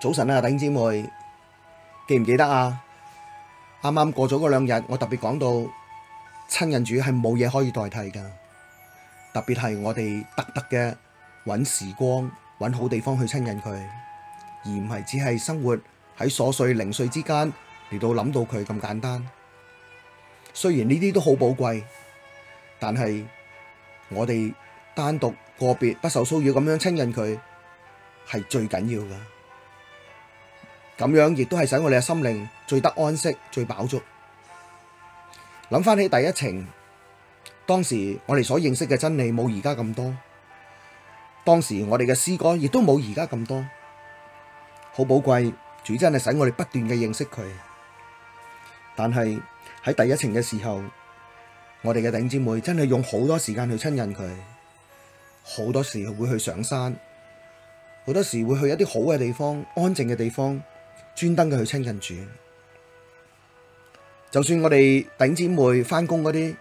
早晨啊，弟兄姐妹，記唔記得啊？啱啱過咗嗰兩日，我特別講到親近主係冇嘢可以代替噶，特別係我哋特特嘅揾時光，揾好地方去親近佢，而唔係只係生活喺瑣碎零碎之間，嚟到諗到佢咁簡單。雖然呢啲都好寶貴，但係我哋單獨個別不受騷擾咁樣親近佢，係最緊要噶。咁樣亦都係使我哋嘅心靈最得安息、最飽足。諗翻起第一程，當時我哋所認識嘅真理冇而家咁多，當時我哋嘅詩歌亦都冇而家咁多，好寶貴，主真係使我哋不斷嘅認識佢。但係喺第一程嘅時候，我哋嘅弟兄姊妹真係用好多時間去親近佢，好多時候會去上山，好多時會去一啲好嘅地方、安靜嘅地方。專登佢去親近主，就算我哋弟兄姊妹返工嗰啲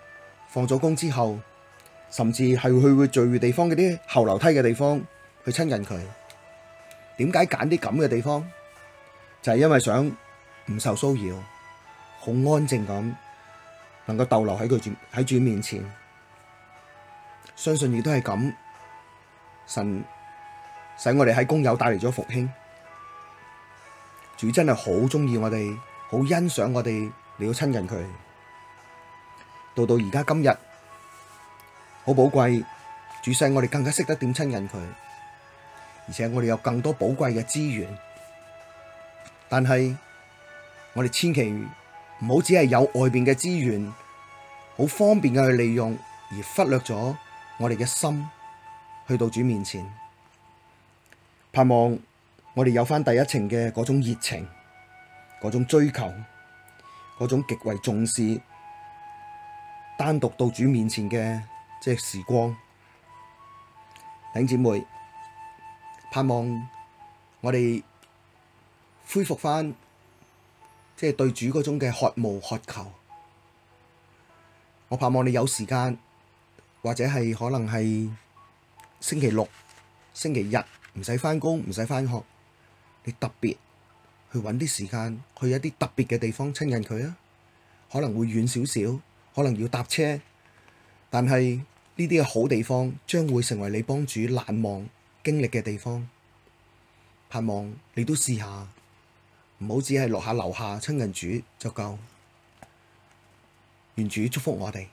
放咗工之後，甚至係去會聚會地方嗰啲後樓梯嘅地方去親近佢。點解揀啲咁嘅地方？就係因為想唔受騷擾，好安靜咁，能夠逗留喺佢主喺主面前。相信亦都係咁，神使我哋喺工友帶嚟咗復興。主真係好中意我哋，好欣賞我哋，你要親近佢。到到而家今日，好寶貴。主使我哋更加識得點親近佢，而且我哋有更多寶貴嘅資源。但係，我哋千祈唔好只係有外邊嘅資源，好方便嘅去利用，而忽略咗我哋嘅心，去到主面前，盼望。我哋有返第一程嘅嗰種熱情，嗰種追求，嗰種極為重視單獨到主面前嘅即係時光，弟兄姐妹，盼望我哋恢復返即係對主嗰種嘅渴慕渴求。我盼望你有時間，或者係可能係星期六、星期日唔使返工、唔使返學，你特別去揾啲時間，去一啲特別嘅地方親近佢啊！可能會遠少少，可能要搭車，但係呢啲嘅好地方將會成為你幫主難忘經歷嘅地方。盼望你都試下，唔好只係落下樓下親近主就夠。願主祝福我哋。